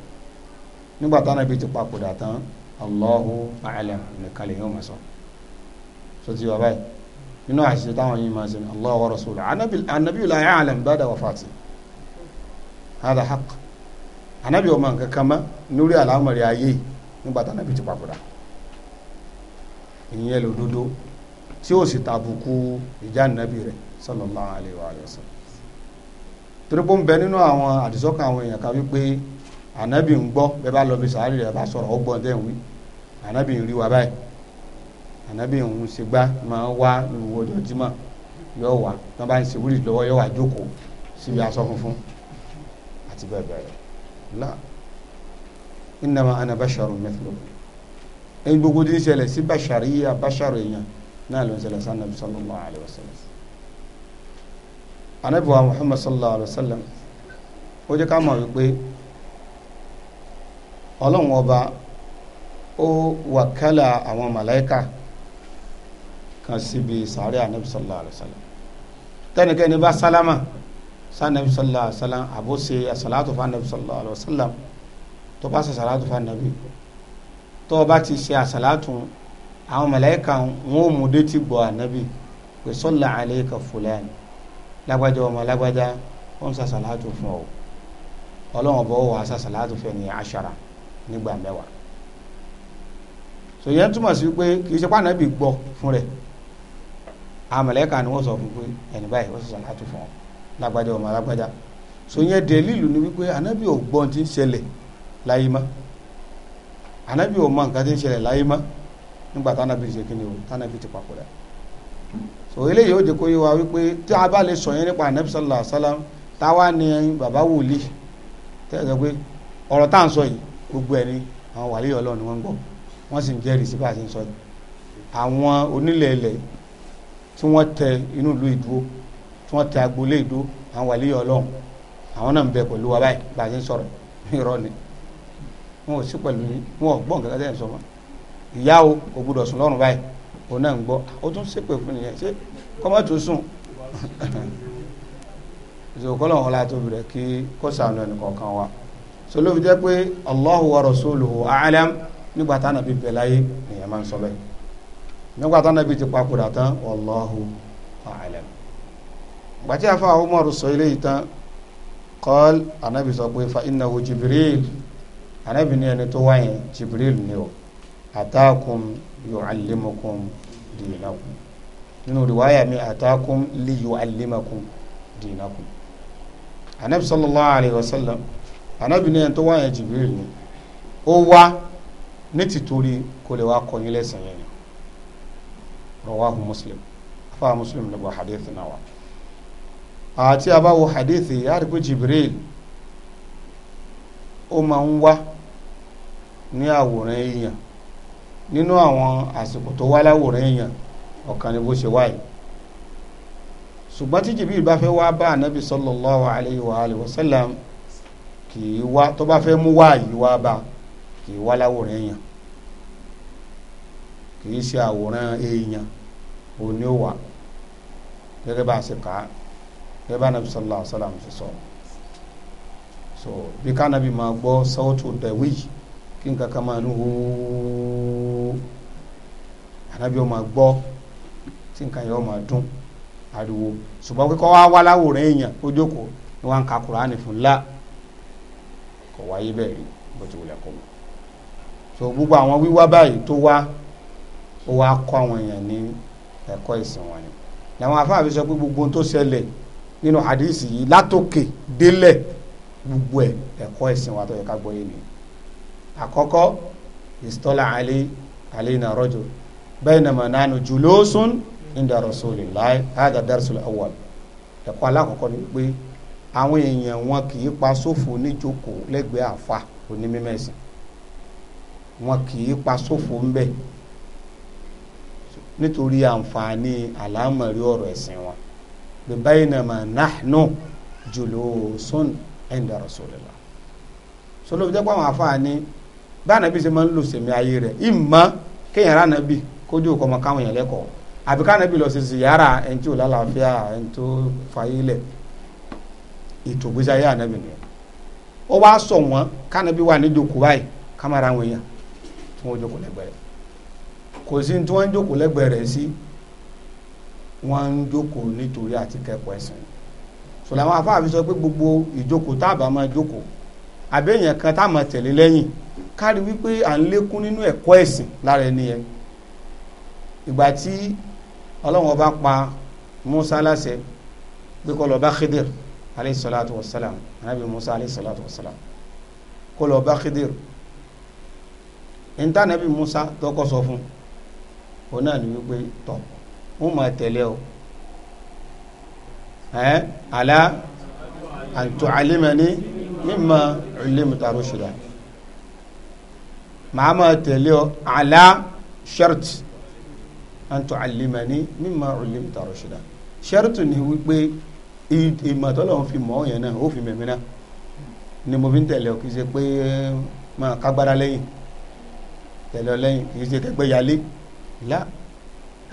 nígbà táwọn ibi ti papòdà tán Allahu a'lam nìkan lè yóò máa sọ so ti wà báyìí nínú àṣìṣe táwọn yìí máa ṣe ní Allahu wa rasuluhu anabi la ya'lam ba'da wafati hada haq anabi ọmọ nǹkan kan mọ́ lórí àlámọ̀rí ayé nígbà táwọn ibi ti papòdà ìyẹn lòdodo tí ó sì tàbùkù ìjà nàbì rẹ̀ sallallahu alaihi wa sallam torí pé nínú àwọn àdìsọ́kàn àwọn èèyàn kan wípé ànábì ń gbọ́ bẹ́ẹ̀ bá lọ bí sàárì rẹ̀ bá sọ̀rọ̀ ó gbọ́ tẹ́ ń wí ànábì ń rí wa báyìí ànábì ń ṣe gbá máa wá ìwò ojoojúmọ́ yóò wá tó bá ń ṣe wúlì lọ́wọ́ yóò wá jókòó síbi aṣọ funfun àti bẹ́ẹ̀ bẹ́ẹ̀ lọ la innama ana basharun mithlukum ẹni gbogbo tí ń ṣẹlẹ̀ sí bashariya basharu èèyàn náà ló ń ṣẹlẹ̀ sanabi sallallahu alayhi wa sallam anabi wa muhammad sallallahu alayhi wa sallam ó jẹ́ ká mọ̀ wípé ọlọ́run ọba ó wàkálà àwọn màláíkà kan síbi sàárẹ̀ anabi sallallahu alayhi wa sallam tẹnikẹ́ni bá sálámà sanabi sallallahu alayhi wa sallam àbó ṣe asàlátù fún anabi sallallahu alayhi wa sallam tó bá ṣe asàlátù fún anabi bá ti ṣe asàlátù àwọn màláíkà wọn ò mú ti gbọ́ anabi pé sọ́là alayka fulan lágbájá ọmọ lágbájá wọn ń fún ọ ọlọ́run ọba ó wà á ṣe asàlátù àṣàrà nígbà mẹ́wàá sòyẹn túmọ̀ sí pé kì í ṣe pàánà bí gbọ́ fún rẹ̀ àmọ̀lẹ́kà ni wọ́n sọ fún pé ẹni báyìí wọ́n sọ láti fún ọ lágbájá ọmọ lágbájá sòyẹn dẹ̀lílù ni wípé anábì ò gbọ́ ti ń ṣẹlẹ̀ láyé má anábì ò nǹkan ti ń ṣẹlẹ̀ láyé má nígbà tánábì ṣe kí ni o tánábì ti papòdà so eléyìí ó jẹ́ kó yé wa wípé tí a bá lè sọ yẹn nípa anábì sallallahu alaihi táwa ni bàbá wòlíì tẹ́ ẹ sọ pé ọ̀rọ̀ tá ń sọ yìí gbogbo ẹni àwọn wàlíyọ̀ ọlọ́run ni wọ́n ń gbọ́ wọ́n sì ń jẹ́rìí sí báyìí sọ yìí àwọn onílẹ̀ ilẹ̀ tí wọ́n tẹ inú ìlú ìdúró tí wọ́n tẹ agboolé ìdúró àwọn wàlíyọ̀ ọlọ́run àwọn náà ń bẹ pẹ̀lú wa báyìí báyìí ń sọ̀rọ̀ irọ́ ni wọn ò sí pẹ̀lú yín wọn ò gbọ́ nǹkan kẹ́tẹ́ sọ wọn ìyá kò gbọdọ̀ sùn lọ́rùn báyìí òun náà ń gbọ́ ó tún ṣépè so ló fi jẹ́ pé Allahu wa rasuluhu a'lam nígbà tá nàbí bẹ̀ láyé nìyẹn máa ń sọ bẹ́ẹ̀ nígbà tá nàbí ti papòdà tán Allahu a'lam gbàtí afa Umar sọ eléyìí tán qal anabi sọ pé fa innahu Jibril anabi ní ẹni tó wáyé Jibril ni o ataakum yu'allimukum dinakum nínú riwaya mi ataakum li yu'allimukum dinakum anabi sallallahu alayhi wa sallam ànábì ní ẹni tó wá yẹn Jibril ni ó wá ní tìtorí kó lè wá kọyìn lẹ́sìn yẹn rawahu Muslim afáà Muslim ló gba hadith náà wá àti abáwo hadith yìí á rí pé Jibril ó máa ń wá ní àwòrán èèyàn nínú àwọn àsìkò tó wá láwòrán èèyàn ọ̀kan ni bó ṣe wáyé ṣùgbọ́n tí Jibril bá fẹ́ wá bá ànábì sallallahu alayhi wa alihi wa kì í wá tó bá fẹ́ mú wá yìí wá bá kì í wá láwòrán èèyàn kì í ṣe àwòrán èèyàn òní ò wá gẹ́gẹ́ bá a ṣe kà á gẹ́gẹ́ bá nàbí sallallahu alaihi wasallam sọ so bí ká nàbí máa gbọ́ sawtu dawi kí nǹkan kan máa ní hóó ànábì ó máa gbọ́ tí nǹkan yẹn ó máa dún ariwo ṣùgbọ́n kíkọ́ wá wá láwòrán èèyàn ó jókòó ni wọ́n ń ka kuraani fún la kò wáyé bẹ́ẹ̀ rí bó ti wulẹ̀ kó mọ̀ so gbogbo àwọn wíwá báyìí tó wá ó wá kọ́ àwọn èèyàn ní ẹ̀kọ́ ìsìn wọn ni làwọn afáàfi sọ pé gbogbo ohun tó ṣẹlẹ̀ nínú hadisi yìí látòkè délẹ̀ gbogbo ẹ̀ ẹ̀kọ́ ìsìn wa tó yẹ ká gbọ́ yé ni àkọ́kọ́ istola ali alaina rajul bainama nanu julusun inda rasulillahi hadha darsul awwal ẹ̀kọ́ alákọ̀ọ́kọ́ ni pé àwọn èèyàn wọn kì í pa sófo níjókòó lẹ́gbẹ̀ẹ́ àfa onímẹ̀sìn wọn kì í pa sófo ńbẹ nítorí àǹfààní àlámọ̀rí ọ̀rọ̀ ẹ̀sìn wọn bíbáyìí náà mà nahnu julusun inda rasulillah sọlọ́bi jẹ́ pé àwọn àǹfààní bá ànábì ṣe máa ń lò sẹ̀mí ayé rẹ̀ ìmọ̀ kéèyàn rà ànábì kójú òkọ́ ọmọ káwọn èèyàn lẹ́kọ̀ọ́ àbíká ànábì lọ sí ziyara ẹni ò lálàáfíà ẹni tó fàyè lẹ̀ ètò ìgbésí ayé ànábì nìyẹn ó wá sọ wọn kánábì wà níjókòó báyìí kámara àwọn èèyàn tí wọn jókòó lẹ́gbẹ̀ẹ́ kò sí tí wọn jókòó lẹ́gbẹ̀ẹ́ rẹ̀ sí wọn ń jókòó nítorí àti kẹ́kọ̀ọ́ ẹ̀sìn sọláwọn afáàfi sọ pé gbogbo ìjókòó tá a bá máa jókòó àbẹ̀yẹn kan tá a máa tẹ̀lé lẹ́yìn kárí wípé à ń lékún nínú ẹ̀kọ́ ẹ̀sìn lára ẹni yẹn ìgbà tí ọlọ́run ọba pa Musa láṣẹ pé kó lọ bá Khidir alayhi salatu wa salam anabi musa alayhi salatu wa salam kó lọ bá khidir níta anabi musa tọkọ sọ fún òun náà ní wípé tọ wọn máa tẹ̀lé o ẹ ala an tu'allimani mimma ullimta rushda màá máa tẹ̀lé o ala shart an tu'allimani mimma ullimta rushda shart ni wípé ìmọ̀ tọ́lọ́run fi mọ̀ yẹn náà ó fi mẹ̀mí náà ni mo fi ń tẹ̀lé ọ kì í ṣe pé eh, máa kágbára lẹ́yìn tẹ̀lé ọ lẹ́yìn kì í ṣe kẹgbẹ́ yálé là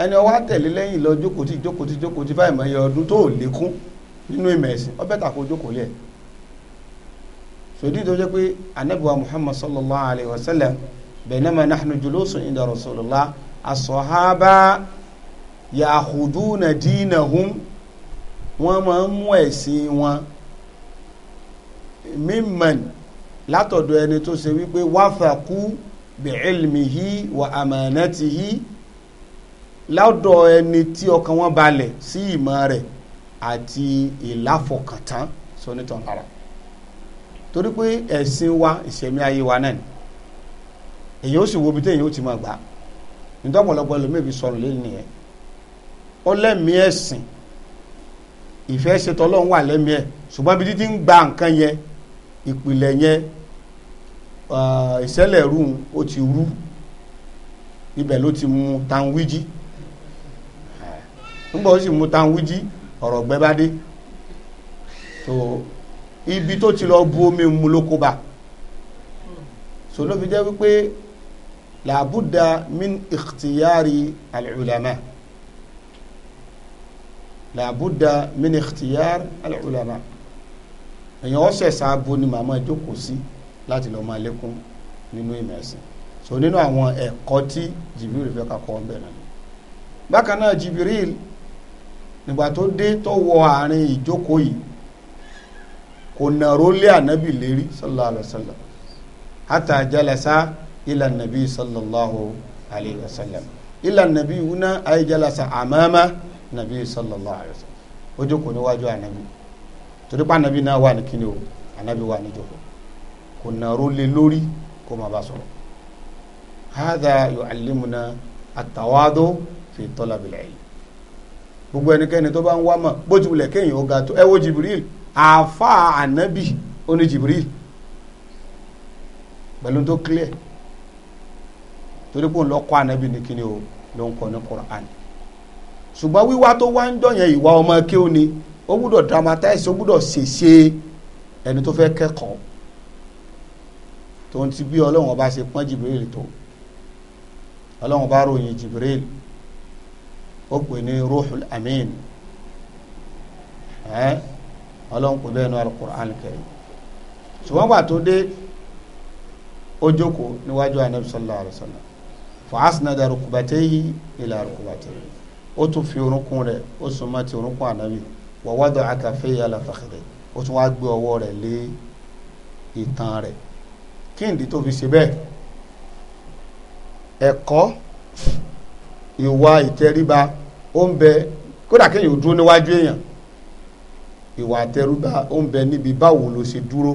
ẹni ọwọ́ àtẹ̀lé lẹ́yìn lọ jókòó tí jókòó tí jókòó tí fáìmọ̀ yẹ ọdún tó lékún nínú ìmọ̀ ẹ̀sìn ọbẹ̀ tàkó jókòó lẹ̀ sòdí tó jẹ́ pé anabiwa muhammad sallallahu alayhi wa sallam bainama nahnu julusun inda rasulillah asọ̀hábà ya'khuduna dinahum wọ́n máa ń mú ẹ̀sìn wọn mímọ̀n látọ̀dọ̀ ẹni tó ṣe wípé wáfàkú bìílmìhí wà àmánátìhí lọ́dọ̀ ẹni tí ọkàn wọn balẹ̀ sí ìmọ̀ rẹ̀ àti ìláfọkàntán sọ́nítàn lára torí pé ẹ̀sìn wa ìṣẹ̀mí ayé wa náà ni èyí ó sì wo ibi téèyàn ó ti máa gbà nítorí ọ̀pọ̀lọpọ̀ ẹlòmíì fi sọ̀rọ̀ lé nìyẹn ó ẹ̀sìn ìfẹ́ ṣetọ́ ọlọ́run wà lẹ́mí ẹ̀ ṣùgbọ́n ibi títí ń gba nǹkan yẹn ìpìlẹ̀ yẹn ìṣẹ̀lẹ̀ rú ó ti rú ibẹ̀ ló ti mu tanwíjí nígbà ó sì mu tanwíjí ọ̀rọ̀ gbẹ bá dé so ibi tó ti lọ bu omi mu ló kó bá so ló fi jẹ́ wípé làbúdà min ikhtiyari al làbúdà min ikhtiyar al-ulama èèyàn ọ̀sẹ̀ sáàbò ni màmá jókòó sí láti lọ́ọ́ máa lékún nínú ìmọ̀ ẹ̀sìn so nínú àwọn ẹ̀kọ́ tí Jibril fẹ́ ká kọ́ ọ́n bẹ̀rẹ̀ ni bákan náà Jibril nígbà tó dé tó wọ àárín ìjókòó yìí kò nàró lé ànábì lérí sallallahu alayhi wa sallam hatta jalasa ila nabi sallallahu alayhi wa sallam ila nabi wuna ay jalasa amama nàbí sallallahu alayhi wa sallam ó jókòó níwájú ànábì torí pé ànábì náà wà ní kíni o ànábì wà ní jókòó kò nàró lé lórí kó má bá sọ̀rọ̀ hadha yu'allimuna at-tawadu fi talabil ilm gbogbo ẹnikẹ́ni tó bá ń wá mọ̀ bó ti wulẹ̀ kéèyàn ó ga jibril àáfà ànábì ó jibril pẹ̀lú tó clear torí pé òun lọ kọ́ ànábì ní kíni o ló ń kọ́ ní Qur'an ṣùgbọ́n wíwá tó wá ń jọyàn ìwà ọmọ kí ó ni ó gbúdọ̀ dramatize ó gbúdọ̀ ṣèṣe ẹni tó fẹ́ kẹ́kọ̀ọ́ tó ń ti bí ọlọ́run ọba ṣe pọ́n Jibril tó ọlọ́run bá ròyìn Jibril ó pè ní Ruhul Amin ẹ́ ọlọ́run pè bẹ́ẹ̀ ní Al-Qur'an ṣùgbọ́n gbà tó dé ó níwájú anabi sallallahu alayhi wa sallam fa asnada rukubateyi ó tún fi orúnkún rẹ̀ ó sún mọ́ ti orúnkún ànábì wa wada'a kaffayhi ala fakhidhi ó tún wá gbé ọwọ́ rẹ̀ lé ìtàn rẹ̀ kí nìdí tó fi ṣe bẹ́ẹ̀ ẹ̀kọ́ ìwà ìtẹríba ó ń bẹ kódà kéèyàn dúró níwájú èèyàn ìwà àtẹrúba ó ń bẹ níbi báwo ló ṣe dúró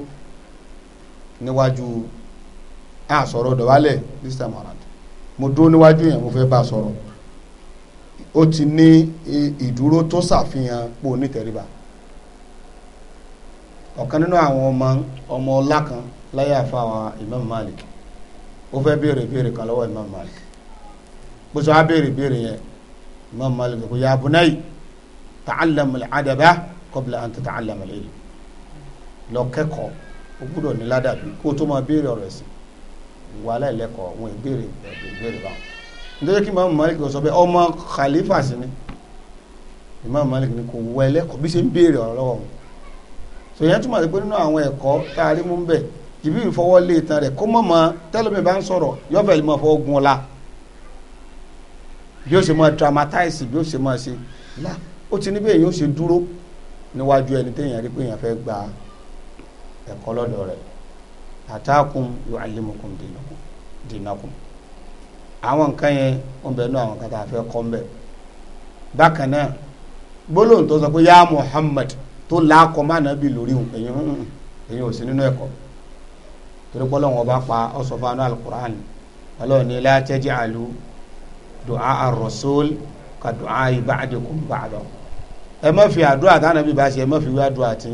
níwájú àsọ̀rọ̀ dọ̀wálẹ̀ mr morand mo dúró níwájú èèyàn mo fẹ́ bá a sọ̀rọ̀ ó ti ní ìdúró tó ṣàfihàn pò nítẹríba ọ̀kan nínú àwọn ọmọ ọmọ ọlá kan láyé àfàwà Imam Malik ó fẹ́ béèrè béèrè kan lọ́wọ́ Imam Malik bó sọ á béèrè béèrè yẹn Imam Malik kò yá abúnáyì ta'allam al-adaba qabla an tata'allam al-ilm lọ kẹ́kọ̀ọ́ o gbúdọ̀ ní ládàbí kó o tó máa béèrè ọ̀rọ̀ ẹ̀sìn wàhálà ìlẹ́kọ̀ọ́ wọn ìbéèrè ìbéèrè báwọn nítorí kí imam malik sọ bẹ́ẹ̀ ọmọ khalifa sí ni imam malik ni kò wọ ẹlẹ́kọ̀ọ́ bí ṣe ń béèrè ọ̀rọ̀ lọ́wọ́ wọn so yẹn túmọ̀ sí pé nínú àwọn ẹ̀kọ́ tá a rí mú bẹ̀ jìbí ìfọwọ́ lé ìtàn rẹ̀ kó mọ̀mọ́ tẹ́lẹ̀mí bá ń sọ̀rọ̀ yọ̀bẹ̀ lè mọ̀ fọwọ́ gun ọ̀la bí ó ṣe máa dramatize bí ó ṣe máa ṣe la ó ti ní bí èyàn ṣe dúró níwájú ẹni téèyàn rí pé èyàn fẹ́ gba ẹ̀kọ́ lọ́dọ̀ rẹ̀ atakum yu'allimukum dinakum dinakum àwọn nǹkan yẹn ó ń bẹ nú àwọn nǹkan tá a fẹ́ kọ́ ń bẹ̀ bákan náà gbólóhùn tó sọ pé yá Muhammad tó láàkọ́ má nàbí lórí òun èyí èyí ò sí nínú ẹ̀kọ́ torí pé Ọlọ́hun bá pa ọ̀sọ̀fánú alukur'an Ọlọ́hun ní la taj'alu du'a ar-rasul ka du'a ba'dikum ba'da ẹ má fi àdúrà táwọn ẹbí bá ṣe ẹ má fi wí àdúrà tí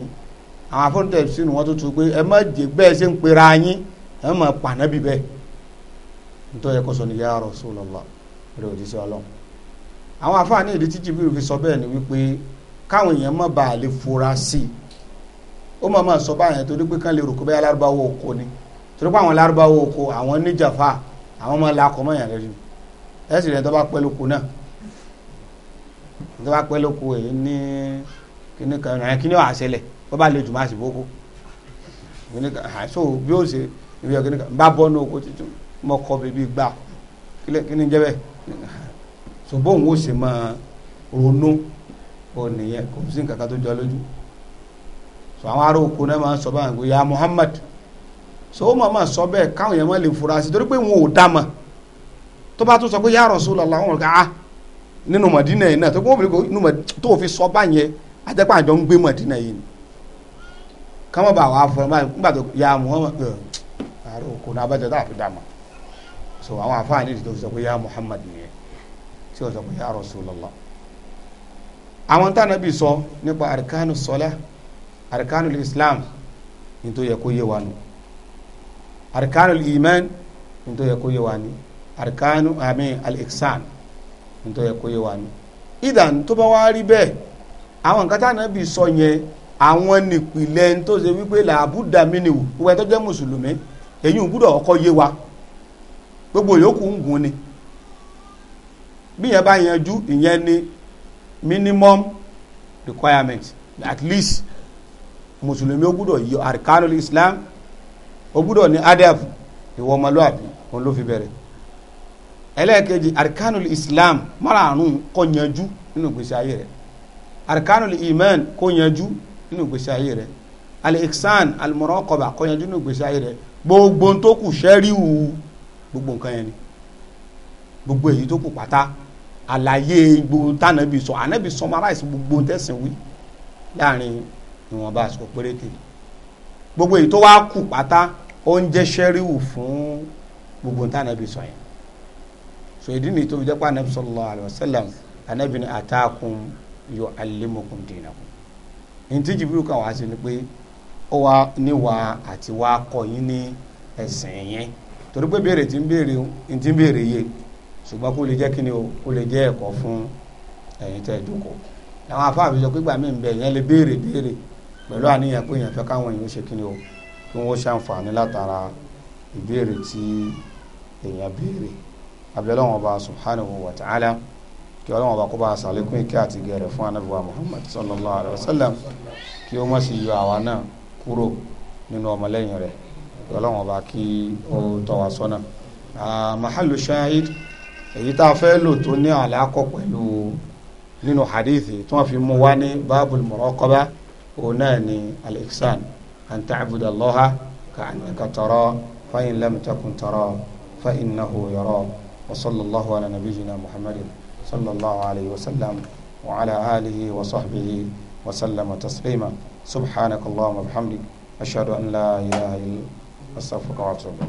àwọn afọ́nitẹ̀ sínú wọn tó tu pé ẹ má jẹ bẹ́ẹ̀ ṣe ń pera yín ẹ má pa nàbí bẹ́ẹ̀ nítorí ẹ̀kọ́ sọ ni ya Rasulullah rẹ̀ òjíṣẹ́ ọlọ́run àwọn àfáàní ìdí tí Jibril fi sọ bẹ́ẹ̀ ni wípé káwọn èèyàn má bàa lè fura sí i ó mọ̀ mọ̀ sọ báyẹn torí pé kán lè rò kó bẹ́ẹ̀ lárúbáwò oko ni torí pé àwọn lárúbáwò oko àwọn níjàfà àwọn ọmọ làkọ̀ mọ̀ yàn lẹ́yìn ẹ̀ sì rẹ̀ tó bá pẹ́ lóko náà tó bá pẹ́ lóko èyí ní kíní kan ràn kíní wàá ṣẹlẹ̀ bó bá lè jùmọ̀ àṣìbókó kíní kan àṣọ bí ó ṣe ibi ọ̀kíní kan bá bọ́ ní oko tuntun mọ kọ bèbí gbà kí ni jẹ́ bẹ́ẹ̀ ṣùgbọ́n òun ò sì máa ronú ó nìyẹn kò sí nǹkan kan tó jọ lójú sọ àwọn ará oko náà máa ń sọ báyìí ya Muhammad so ó máa máa sọ bẹ́ẹ̀ káwọn yẹn máa lè fura sí torí pé wọn ò dá mọ̀ tó bá tún sọ pé ya Rasulullah àwọn ọ̀gá ah, nínú Madina yìí náà tó kó obìnrin tó fi sọ báyẹn àtẹ́pọ̀ àjọ ń gbé Madina yìí ni káwọn bá wà á fọ nígbà tó ya Muhammad ará oko náà abájọ tá fi dá mọ̀ so àwọn àfáà ní ìdìtò sọ pé ya Muhammad nìyẹn tí ó sọ pé ya Rasulullah àwọn tánàbí sọ nípa arkanu sọlá arkanu islam nítorí yẹ kó yé wa nù arkanu iman nítorí yẹ kó yé wa ní arkanu àmín al-ihsan nítorí yẹ kó yé wa ní. ìdàn tó bá wá rí bẹ́ẹ̀ àwọn nǹkan tánàbí sọ yẹn àwọn nìpìlẹ̀ tó wípé làbúdàmínìwò wípé tó jẹ́ mùsùlùmí èyí ò gbúdọ̀ ọkọ̀ yé wa gbogbo yòókù ń gùn ni bí bá yanjú ìyẹn ni minimum requirement at least mùsùlùmí ó gbúdọ̀ yọ àríkánul islam ó gbúdọ̀ ní adab ìwọ ọmọlúwàbí òun ló fi bẹ̀rẹ̀ ẹlẹ́ẹ̀kejì àríkánul islam márààrún kó yanjú nínú ìgbésí ayé rẹ̀ àríkánul iman kó yanjú nínú ìgbésí ayé rẹ̀ al-ihsan al-muraqaba kó yanjú nínú ìgbésí ayé rẹ̀ gbogbo tó kù ṣẹ́ríwù gbogbo nǹkan yẹn ni gbogbo èyí tó kù pátá àlàyé gbogbo tànàbí sọ ànàbí summarize gbogbo tẹ̀sán wí láàrin ìwọ̀nba àsìkò péréte gbogbo èyí tó wá kù pátá ó ń jẹ́ sẹ́ríwù fún gbogbo tànàbí sọ yẹn so ìdí nìyí tó fi jẹ́ pé ànàbí sallallahu alaihi wasallam ànàbí ni atakum yuallimukum dinakum ntí jìbìrì kan wá sí ni pé ó wá níwà àti wá kọ́ yín ní ẹ̀sìn yẹn torí pé béèrè tí ń béèrè ń tí ń béèrè yé ṣùgbọ́n kó lè jẹ́ kí ni o kó lè jẹ́ ẹ̀kọ́ fún ẹ̀yin tẹ́ ẹ jókòó làwọn afáàbí sọ pé gbà mí bẹ yẹn lè béèrè béèrè pẹ̀lú àníyàn pé yẹn fẹ́ káwọn èèyàn ṣe kí ni o kí wọ́n ṣàǹfààní látara ìbéèrè tí èèyàn béèrè abẹ́lẹ́wọ̀n ọba subhanahu wa ta'ala kí ọlọ́wọ́n ọba kó bá sàlékún ìkẹ́ àti gẹ̀rẹ̀ fún anábìwá muhammad sallallahu alayhi wa sallam kí ó má sì yọ àwa náà kúrò nínú ọmọlẹ́yìn rẹ̀ ọlọ́wọ́n bá kí ó tọ́ wa sọ́nà mahalu shahid èyí tá a fẹ́ lò tó ní àlàkọ̀ pẹ̀lú nínú hadithi tí wọ́n fi mú wá ní babul muraqaba òun náà ni al-ihsan an ta'budallaha ka'annaka tara fa in lam takun tara fa innahu yara wa sallallahu ala nabiyyina muhammadin sallallahu alayhi wa sallam wa ala alihi wa sahbihi wa sallama taslima subhanakallahumma wa bihamdik ashhadu an la ilaha illa astaghfiruka wa atubu